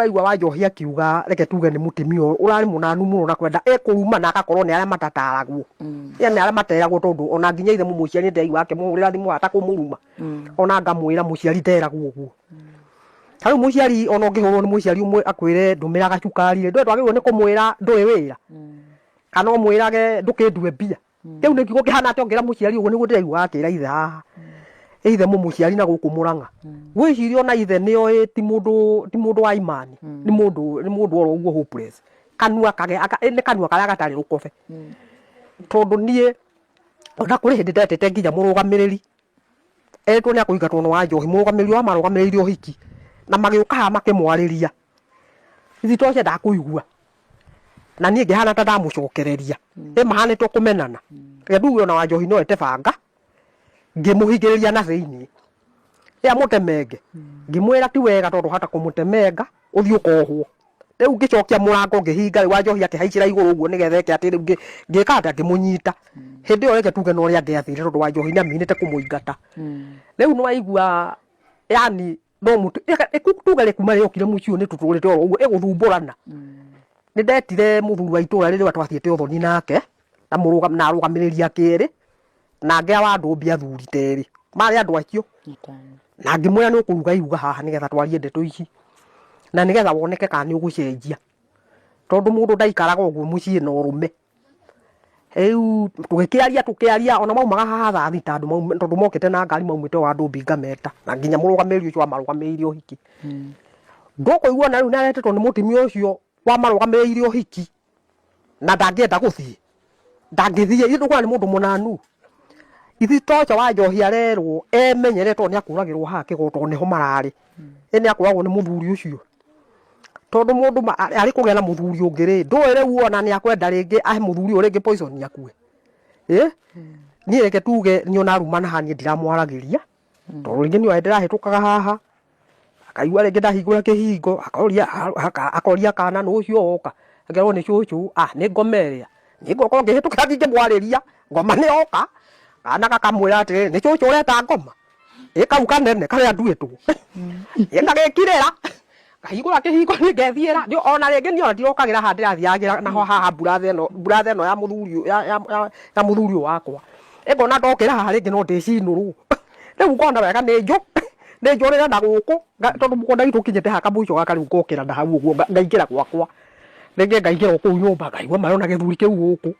uraigua wanjohia kiuga reke tuge ni mutimio urari munanu muno na kwenda ekuruma na agakorwo ni aria matataragwo mm. ya ni aria materagwo tondu ona nginya ithe mumuciari ni ndei wake muhurira thimu ata kumuruma mm. ona ngamwira muciari teragwo uguo hau mm. muciari ona ngihuru ni muciari umwe akwire ndumiraga cukari ndwe twagirwo ni kumwira ndo wira kana umwirage ndukindwe bia riu ni kiugo kihana atongira muciari uguo niguo ndiraigua akira ithe ithe mumuciari na guku muranga mm. wicirie ona ithe nioe ti mundu ti mundu wa imani mm. ni mundu ni mundu oro uguo hopeless kanua kage ni kanua karia gatari rukobe mm. tondu nie ona kuri hindi ndetete nginya murugamiriri etwo ni akuingatwo no wa njohi murugamiriri wa marugamiriri hiki na magiuka ha makimwariria thito cia ndakuigua na niä ngä hana ta ndamucokereria ä mahanä two kå menana rä u ona wa njohi no ete banga ngimuhigiriria na thiini ya mutemenge ngimwira ti wega tondu hata kumutemenga uthii ukohwo riu ngicokia murango ngihinga riu anjohi akihaicira iguru uguo nigetha eke ati riu ngika ati akimunyita hindi iyo reke tuge yaani no ria ngiathire tondu wanjohi niaminite kumuingata riu niwaigua yani no mutu tuge rikuma riokire muciu ni tuturite oro uguo iguthumburana ni ndetire muthuri wa itura riria twathiite uthoni nake na arugamiriri akiri na ngeawa andu mbia thuri teri mari andu aikio na ngimwira ni ukuruga iruga haha nigetha twarie ndeto ici na getha woneke kana ni ugucenjia tondu mundu ndaikaraga uguo mucii na urume riu tugikiaria tukiaria ona maumaga haha thathi thita andu tondu mokite na ngari maumite wa andu mbinga meta na nginya murugamiri ucio amarugamiriire uhiki hmm. ndukuigua na riu niaretetwo ni mutumia ucio wamarugamiriire uhiki na ndangienda guthii ndangithie ndukona ni mundu munanu ithi tocha wa njohi arerwo emenyeretwo ni akuragirwo hake gotwo niho marari ni akuragwo ni muthuri ucio tondu mundu ari kugia na muthuri ungi ri nduwe riu ona ni akwenda ringi ahe muthuri uri ringi poison ni akue eh ni reke tuge ni ona rumana hani ndiramwaragiria tondu ringi ni wa ndirahitukaga haha akaigua ringi ndahingura kihingo akoria akoria kana ni ucio oka akerwo ni cucu ah ni ngomeria ni ngokorwo ngihituka ngingimwariria ngoma ni oka ana gakamwä ra atä ni rä nä cå ngoma ä kau kanene karä a nduätwo ä kagä kirä ra ngahingå ra kä hingo nä ngethiä ona rä ngä niona ndirokagä ra handä rathiagä ra naho haha mburathe no ya må thuri wakwa ngona ndokä haha rä no ndä cinå ngona wega nä njå nä njå na gå kå tondå må konda haka må gaka rä u ngokä ra nahau å gwakwa rä ngä ngaingä ra ngaigua marona gä thuri kä u gå kå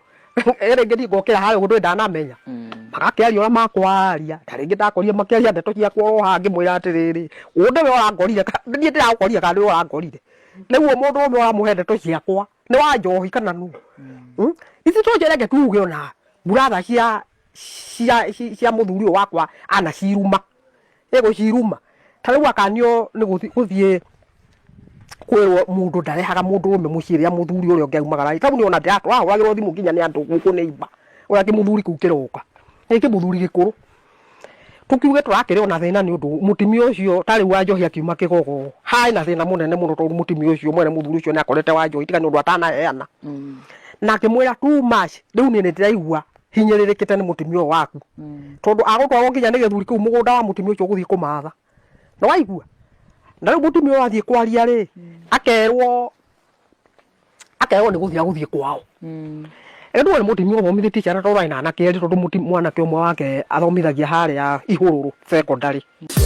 rä ngä ningokä ra å ndå ndanamenya mm magakäria å rä a makwaria ta rä ngä ndakorire makäria ndeto ciakwa roha ngä mwä ra we å rangorire niä ndä ragåkorire kana nä å rangorire rä u å må ndå å mwe wamå he hmm. ndeto ciakwa nä wa njohi hmm? kana nu ici tå njerenge tuge ona mburatha cia cia cia muthuri å wakwa ana ciruma ä gå ciruma ta rä u akanio nä gå thiä kwirwo mundu ndarehaga mundu ume muciria muthuri uria ungi aumagara kau ni ona ndiratwahuragirwo thimu nginya ni andu guku ni imba uria ki muthuri kuu kiroka eke muthuri gikuru tukiuge turakire ona thina ni undu mutimio ucio tari wa njohi akiuma kigogo hai na thina munene muno tondu mutimio ucio mwene muthuri ucio ni akorete wa njohi tiga ni undu yana na akimwira too much riu ni ndiraigua hinyiririkite ni mutimio waku mm. tondu agutwarwo nginya ni githuri kiu mugunda wa mutimio ucio guthii kumatha no waigua na riu mutimio athii kwaria ri mm. akerwo akerwo ni guthira guthii kwao mm ä ndå må tithomithä ticana to rä na anake erä tondå mwanake å mwe wake athomithagia harä a ihå rå rå